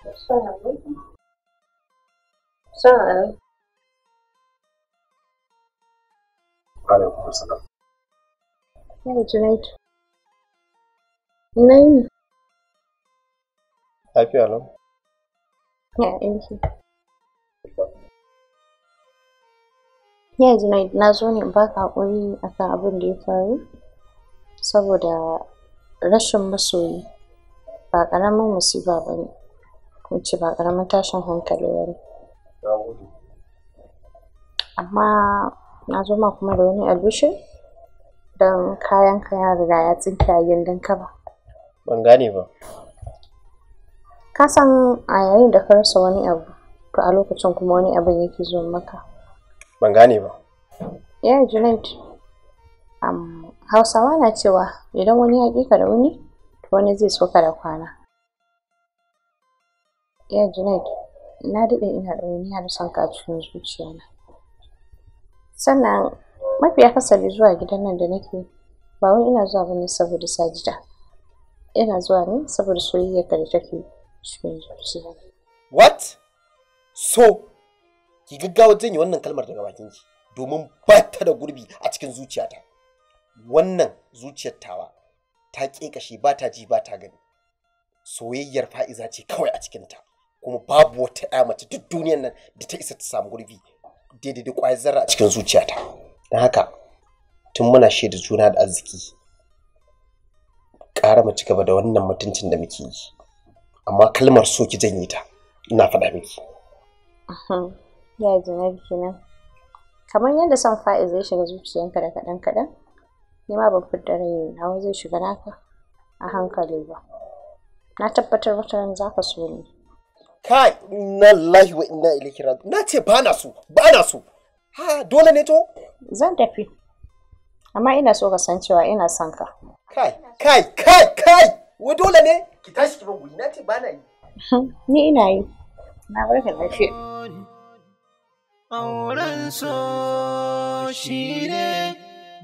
So, so. Happy na zo ne in baka haƙuri akan abin da ya faru saboda rashin masoyi ba ƙaramin musiba ba ne. wacce ba ƙaramin tashin hankali ba ne amma na zo ma kuma da wani albishir don kayan ka ya riga ya tsinke a gindin ka ba ban gane ba ka san a yayin da ka rasa wani abu to a lokacin kuma wani abin yake zo maka ban gane ba ya junaid hausawa na cewa idan wani ya ƙi ka da wani to wani zai soka da kwana Ya Junaid, na daɗe ina ɗauniya da son ka cikin zuciyana. Sannan mafi akasari zuwa gidan nan da nake ba wai ina zuwa bane saboda sajida. Ina zuwa ne saboda soyayyar da take cikin zuciya. What? So, ki gaggawa yi wannan kalmar daga bakin ki domin ba ta da gurbi a cikin zuciyata. Wannan zuciyar tawa ta ƙeƙashe ba ta ji ba ta gani. Soyayyar fa'iza ce kawai a cikin ta. kuma babu wata ya mace duk duniyar nan da ta isa ta samu gurbi daidai da ƙwayar zarra a cikin zuciyata don haka tun muna shaida juna da arziki ƙara mu ci gaba da wannan mutuncin da muke yi amma kalmar so ki janye ta ina faɗa miki ya janar kenan kamar yadda son fa'i zai shiga zuciyanka da kaɗan kaɗan ni ma ban fidda rai nawa zai shiga naka a hankali ba na tabbatar wata za ka so ni kai na lahi wa ina ilaihi na ce ba na so ba na so ha dole ne to zan tafi amma ina so ka san cewa ina son ka kai kai kai kai wa dole ne ki tashi ki bugu na ce ba na yi ni ina yi na barka lafiya auren so shi ne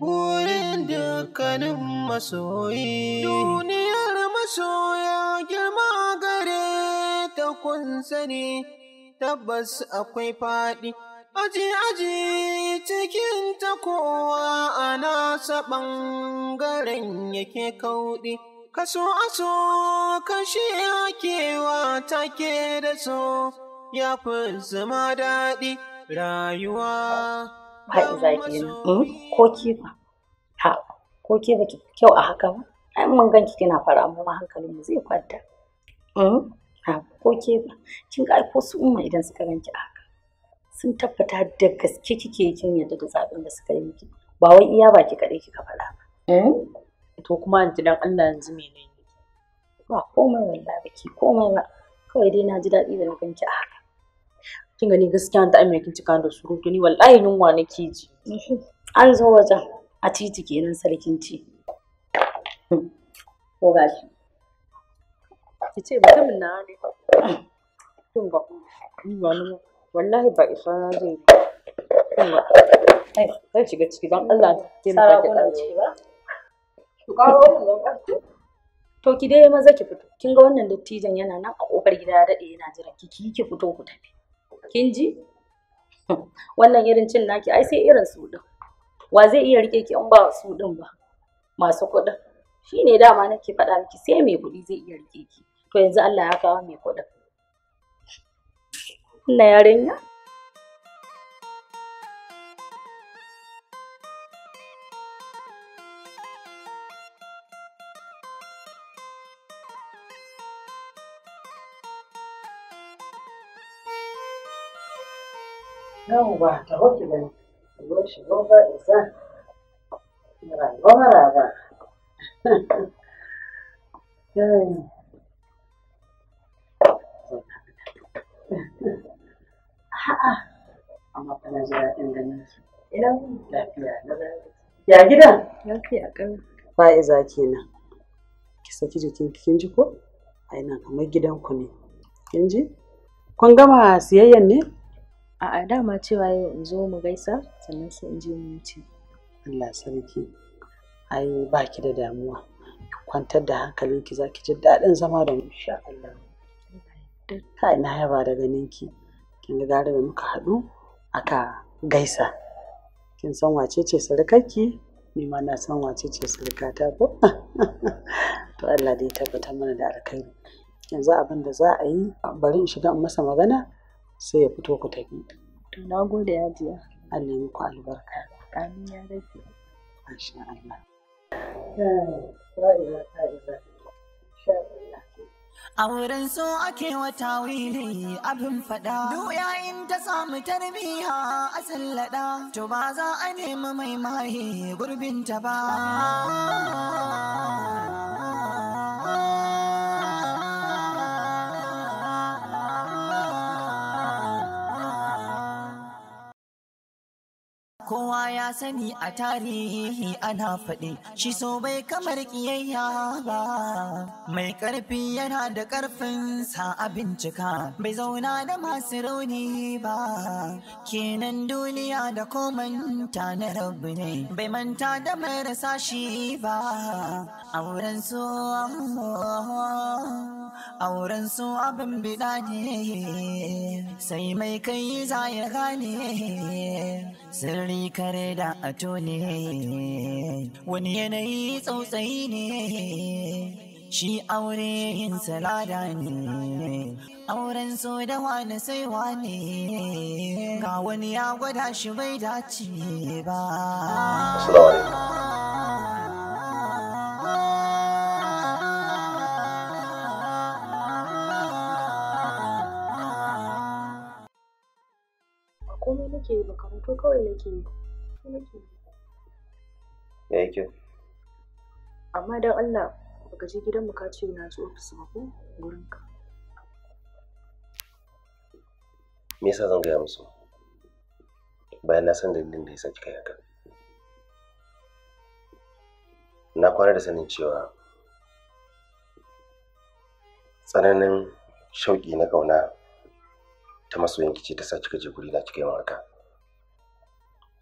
burin dukkanin masoyi duniyar masoya girma gare kun sani tabbas akwai faɗi. Aji aji cikin ta kowa a nasa ɓangaren yake kauɗi. Kaso aso kashi hakewa take da so ya fi zama daɗi rayuwa. Haɗin zaki ko kifa. Ha, ko kifa kyau a haka ba? Ai mun ganki kina fara amma hankalin mu zai kwanta. Hmm? ko ke ba kin ga ko su umma idan suka ranki a haka sun tabbata da gaske kike kin yadda da zaɓin da suka yi miki ba wai iya baki kaɗai kika faɗa ba eh? to kuma anti dan Allah yanzu me ne ba komai wallahi baki komai ba kawai dai na ji daɗi da na ganki a haka kin gani gaskiya ta amma kin cika da surutu ni wallahi yunwa nake ji an zo wajen a titi kenan sarkin ci ko gashi ki ce mutumin na ne Kinga, kinga ni wallahi ba isa na zai kinga. Kai, shiga ciki don Allah ke mu kake ɗan ciki ba. Ku ƙaro wannan To ki dai maza ki fito. Kin ga wannan dattijan yana nan a ƙofar gida ya daɗe yana jira ki ki ki fito ku tafi. Kin ji? Wannan irin cin naki ai sai irin su din, Wa zai iya rike ki in ba su din ba? Masu kuɗin. Shi ne dama nake faɗa miki sai mai kuɗi zai iya rike ki. của to yanzu Allah ya kawo mai kuɗin na yarinya yawwa ta hoki da ruwan shi ba isa rayuwa maraba amma kana ji daɗin ganin ki ina lafiya ya gidan lafiya kan fa'iza kenan ki saki jikin kin ji ko ai nan kamar ku ne kin ji kun gama siyayyan ne a'a dama cewa yau in zo mu gaisa sannan sai in je mu ci. Allah sarki ai ba ki da damuwa ki kwantar da hankalinki za ki ji daɗin zama da mu insha Allah kai na yaba da ganin ki kin ga gare da muka haɗu aka gaisa kin san wace ce surukarki ni ma na san wace ce surukata ko to Allah dai tabbatar mana da alkhairi yanzu abin da za a yi bari in shiga in masa magana sai ya fito ku tafi to na gode ya jiya Allah ya ku albarka amin ya rage masha Allah ya ra'ayi ta A wurin su ake wata wili abin faɗa. Duk yayin ta samu tarbiya a sallada, to ba za a nemi mai maye gurbinta ba. kowa ya sani a tarihi ana faɗi shi so bai kamar kiyayya ba mai ƙarfi yana da ƙarfin sa a bincika bai zauna da masu rauni ba kenan duniya da komanta na rabu ne bai manta da marasa shi ba auren su auren su abin bida ne sai mai kai za ya gane sirri ka dare da ato ne wani yanayi tsautsayi ne shi aure yin salada ne auren so da wani saiwa ne ga wani ya gwada shi bai dace ba komai nake yi ba kawai nake yi su ya yi kyau amma don allah baka je gidan ka ce na ci ofis ba ko gurinka me yasa zan gaya musu bayan na san dalilin da ya kika yi na kwana da sanin cewa tsananin shauƙi na ƙauna ta masoyanki ce ta sa kika je guri na kika yi haka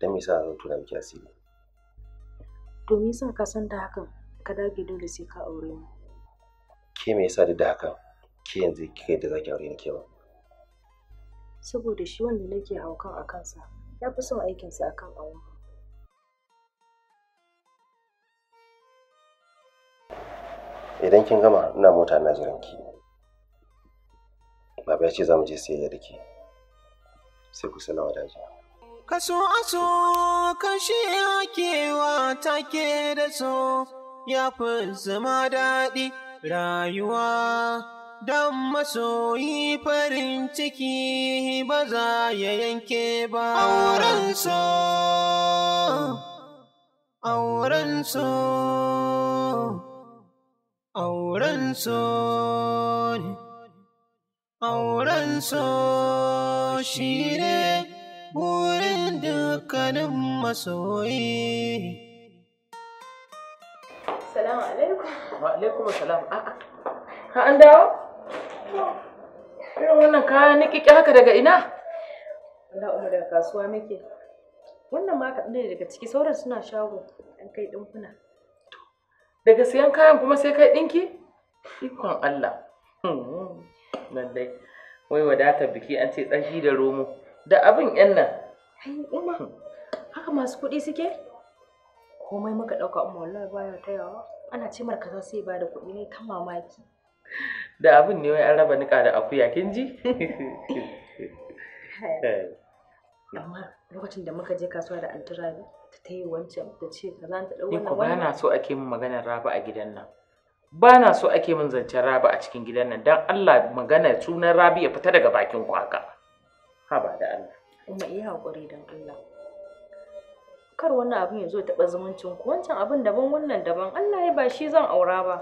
ta me yasa zan tona miki asiri to me yasa ka san da hakan ka dage dole sai ka aure ni ke me yasa duk da hakan ke yanzu kike da zaki aure ni ke ba saboda shi wanda nake haukan a kansa ya fi son aikinsa akan aure idan kin gama ina mota na jiran ki baba ya ce za mu je siyayya da ke sai ku sanawa da jiya kaso aso kashi akewa take da so ya fi zama daɗi rayuwa don masoyi farin ciki ba za ya yanke ba auren so auren so auren shi ne wurin dukkanin masoyi. Salamu alaikum. Wa alaikum salam. Ha an dawo? Irin wannan kaya na haka daga ina? Allah umar daga kasuwa muke. Wannan ma kaɗan ne daga ciki sauran suna shago an kai ɗinkuna. Daga siyan kayan kuma sai kai ɗinki? Ikon Allah. Nan hmm, hmm. dai. Wai wadatar biki an ce tsaki da romo. da abin yan nan umma hmm. haka masu kuɗi suke komai muka ɗauka umma wallahi baya tayawa ana ce marka za su yi ba da kuɗi ne ta mamaki da abin ne wai an raba nika da akuya kin ji amma lokacin da muka je kasuwa da antirabi ta ta yi wancan ta ce ka za ta ɗau wannan ba na so ake min maganar raba a gidan nan ba na so ake min zancen raba a cikin gidan nan don allah magana sunan rabi ya fita daga bakin ku haka haba da Allah kuma yi haƙuri don Allah kar wannan abin ya zo taɓa zumuncin ku wancan abin daban wannan daban Allah ya ba shi zan aura ba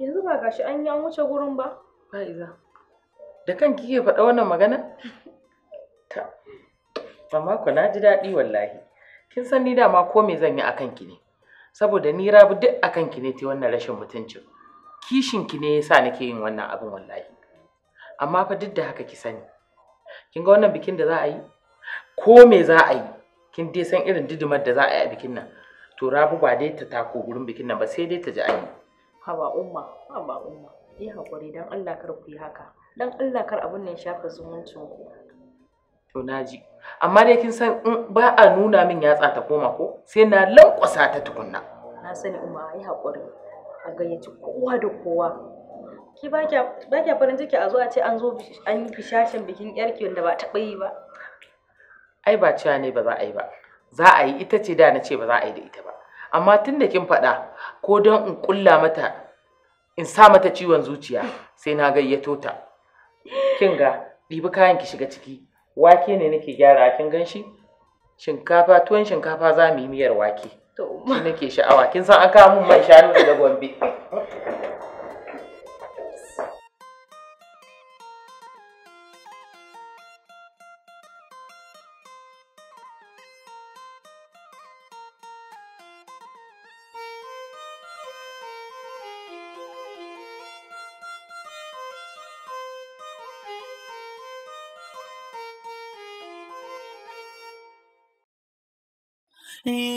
yanzu ba gashi an yi an wuce gurin ba Ba iza. da kan kike faɗa wannan magana ta amma ku na ji daɗi wallahi kin san ni dama ko me zan yi akan ki ne saboda ni rabu duk akan ki ne ta wannan rashin mutuncin kishin ki ne yasa nake yin wannan abin wallahi amma fa duk da haka ki sani kin ga wannan bikin da za a yi ko me za a yi kin dai san irin didimar da za a yi a bikin nan to rabu ba dai ta tako gurin bikin nan ba sai dai ta ji an yi haba umma haba umma yi hakuri dan Allah kar ku yi haka dan Allah kar abun nan shafa zumuncin ku to naji amma dai kin san in ba a nuna min yatsa ta koma ko sai na lankwasa ta tukunna na sani umma yi hakuri a gayyaci kowa da kowa ki ba kya farin ciki a zo a ce an zo an yi fishashin bikin yarki wanda ba taɓa yi ba ai ba cewa ne ba za a yi ba za a yi ita ce da na ce ba za a yi da ita ba amma tun da kin faɗa ko don in ƙulla mata in sa mata ciwon zuciya sai na gayyato ta kin ga ɗibi kayan ki shiga ciki wake ne nake gyara kin gan shi shinkafa tuwon shinkafa za mu yi miyar wake to nake sha'awa kin san an kawo mun man shanu da gombe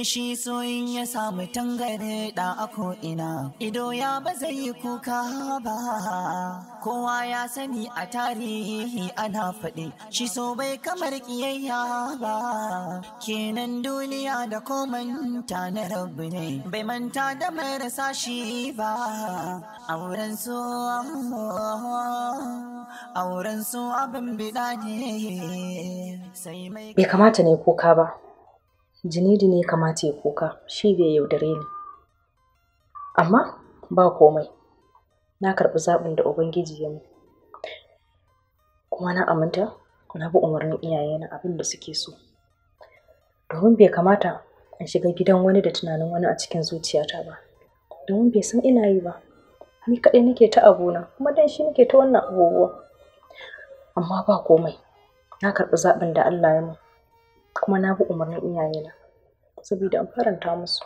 shi soyin ya samu tangare da ako ina ido ya ba zai yi kuka ba kowa ya sani a tarihi ana faɗi shi so bai kamar kiyayya ba kenan duniya da komanta na rabu ne bai manta da marasa shi ba auren su auren su abin bida ne sai mai kamata ne kuka ba Jinidi ne kamata ya kuka, shi bai yaudare ni. Amma ba komai, na karɓi zaɓin da Ubangiji ya mu. Kuma na aminta, na bi umarnin iyayena abin da suke so. Domin bai kamata in shiga gidan wani da tunanin wani a cikin zuciyata ba. Domin bai san ina yi ba, ni kaɗai nake ta abona, kuma dan shi nake ta wannan abubuwa. Amma ba komai, na karɓi zaɓin da Allah ya mu. kuma na bi umarnin iyayena saboda in faranta musu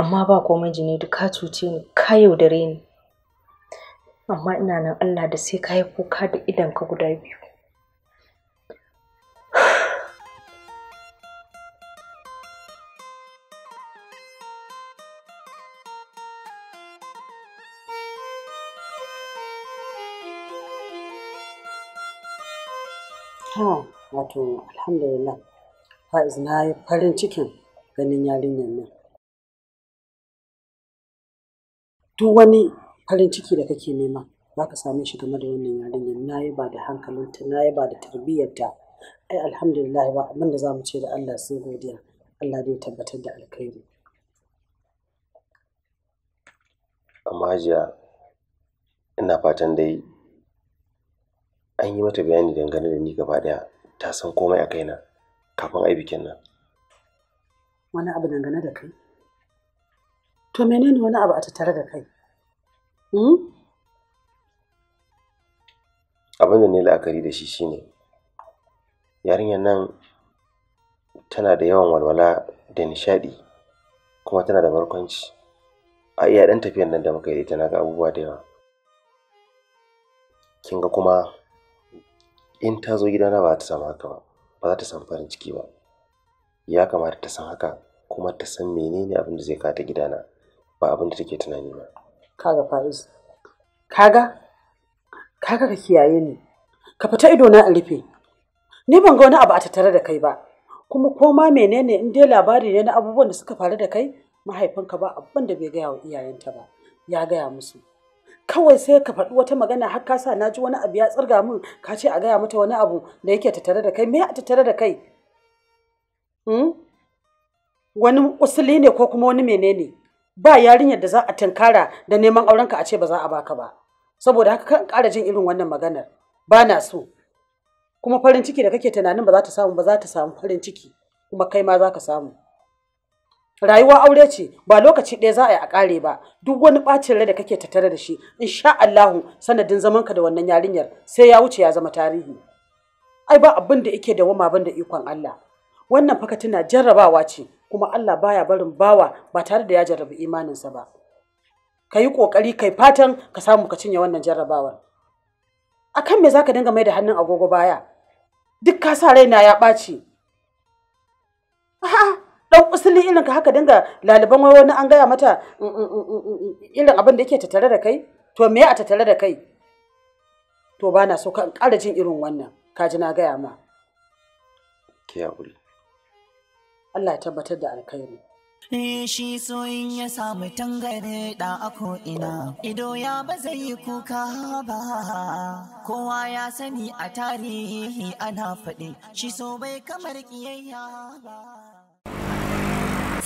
amma ba komai jini duk ka cuce ni ka yaudare ni amma ina nan Allah da sai ka yi kuka da idanka guda biyu wato alhamdulillah fa'iz na yi farin cikin ganin yarinyar nan duk wani farin ciki da kake nema za ka same shi game da wannan yarinyar na yi ba da hankalinta na yi ba da tarbiyyarta ai alhamdulillah ba abin da za mu ce da allah sai godiya allah zai tabbatar da alkhairi amma hajiya ina fatan dai an yi mata bayani dangane da ni gaba daya ta san komai a kaina kafin ai bikin nan wani abu dangane da kai to menene wani abu a tattare da kai hmm? abin da ne la'akari da shi shine yarinyar nan tana da yawan walwala da nishaɗi kuma tana da barkwanci a iya ɗan tafiyar nan da muka yi ta na ga abubuwa da yawa kin ga kuma in ta zo gidana ba ta samu haka ba ba za ta samu farin ciki ba ya kamata ta san haka kuma ta san menene abin da zai kata gidana ba abin da take tunani ba kaga faiz kaga kaga ka kiyaye ni ka fita ido na a rufe ni ban ga wani abu a tattare da kai ba kuma ko ma menene in dai labari ne na abubuwan da suka faru da kai mahaifinka ba abin da bai gaya wa iyayenta ba ya gaya musu kawai sai ka faɗi wata magana har ka sa ji wani abu ya tsirga min ka ce a gaya mata wani abu da yake tattare da kai me a tattare da kai hmm? wani usuli ne ko kuma wani menene ba yarinyar da za a tunkara da neman auren ka a ce ba za a baka ba saboda haka kan ƙara jin irin wannan maganar ba na so kuma farin ciki da kake tunanin ba za ta samu ba za ta samu farin ciki kuma kai ma za ka samu rayuwa aure ce ba lokaci ɗaya za a yi a ƙare ba duk wani ɓacin rai da kake tattare da shi insha Allahu sanadin zaman ka da wannan yarinyar sai ya wuce ya zama tarihi ai ba abin da yake da wama ban ikon Allah wannan faka tana jarrabawa ce kuma Allah baya barin bawa ba tare da ya jarrabi imaninsa ba ka yi ƙoƙari kai fatan ka samu ka cinye wannan jarrabawar akan me zaka dinga mai da hannun agogo baya duk ka sa raina ya ɓaci a'a dan usuli irin ka haka dinga laliban wai wani an gaya mata mm, mm, mm, irin abin da yake tattare da kai to me a tattare da kai to ba na so ka ƙara jin irin wannan ka ji na gaya ma Allah ya tabbatar da alkhairi shi soyin ya samu tangare da ako ina ido ya ba zai yi kuka ba kowa ya sani a tarihi ana faɗi shi so bai kamar kiyayya ba